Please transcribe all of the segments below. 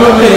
Amen.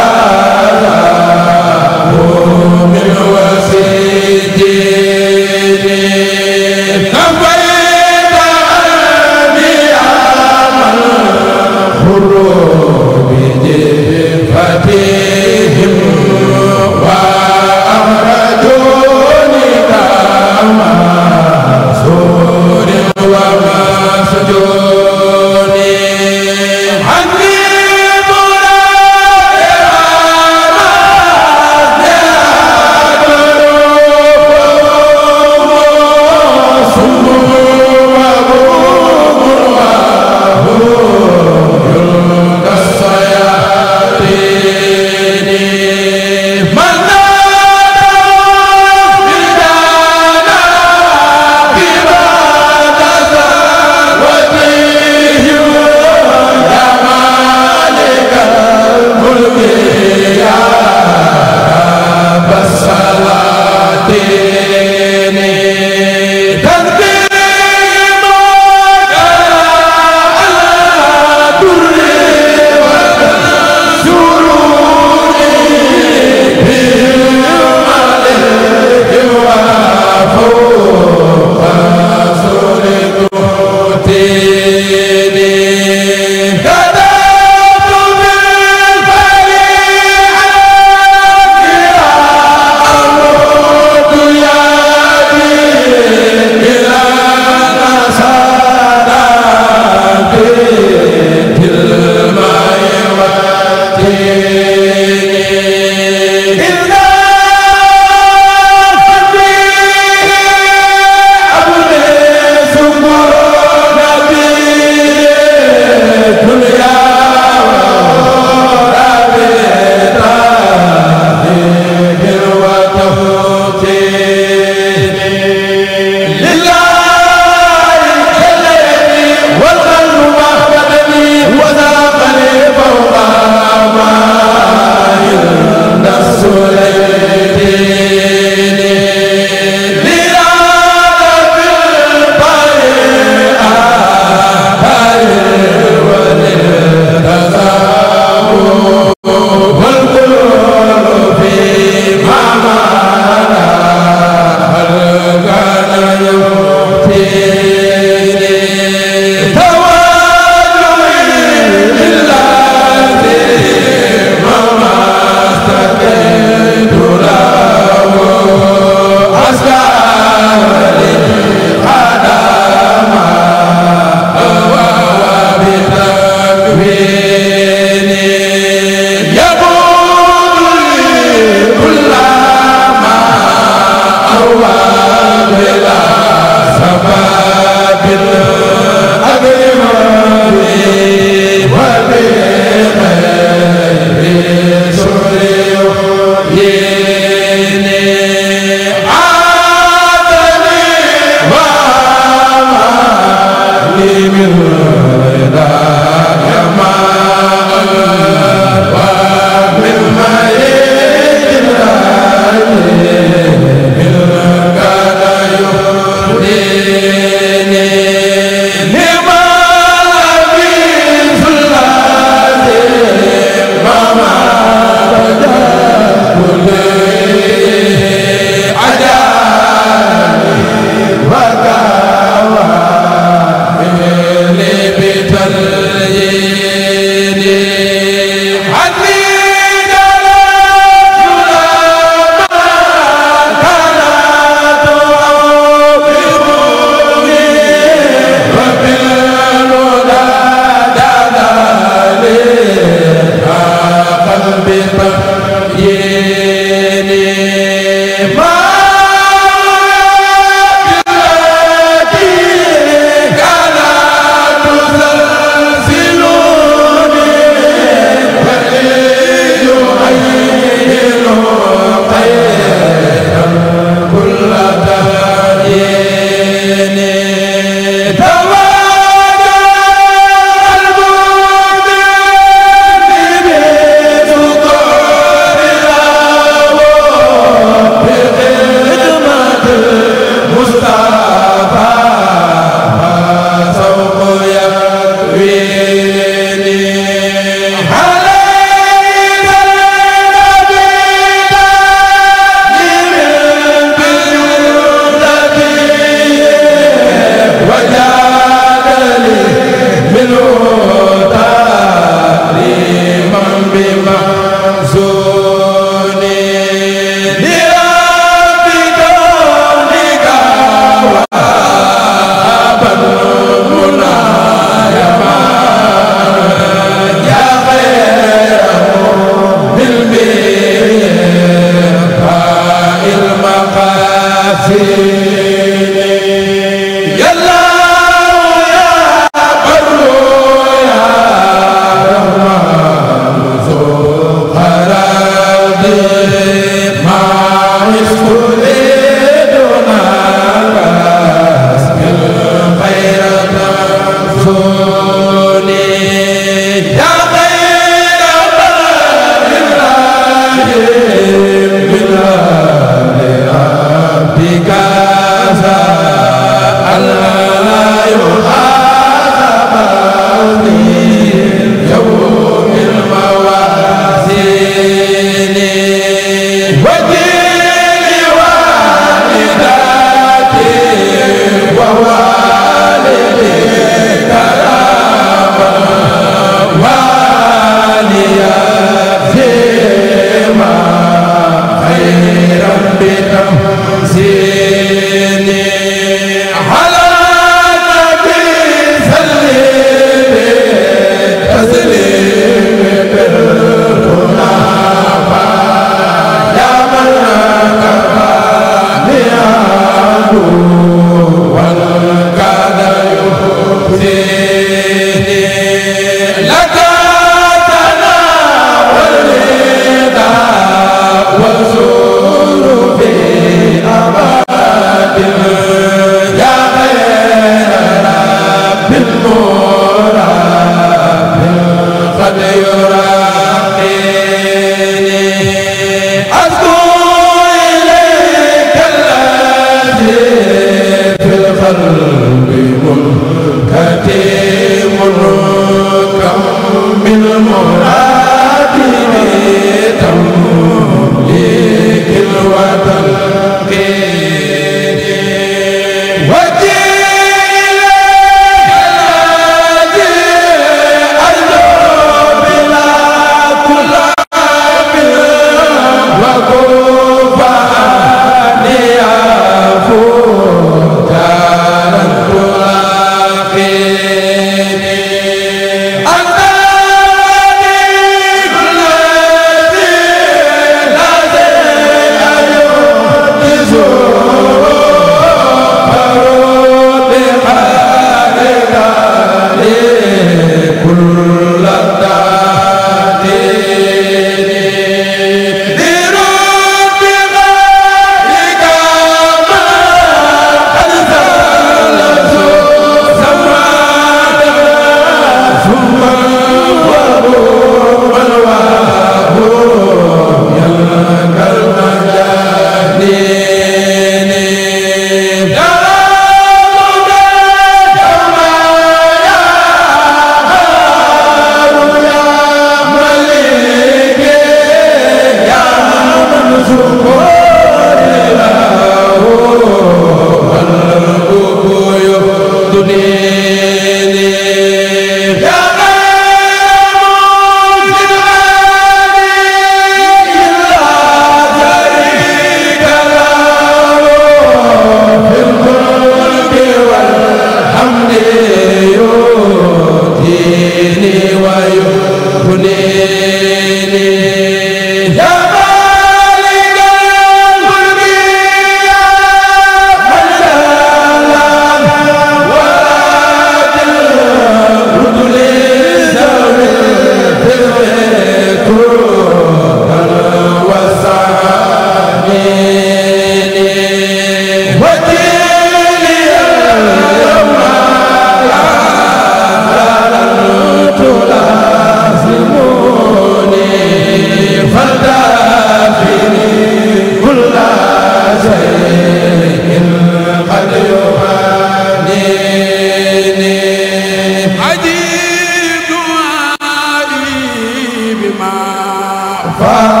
fa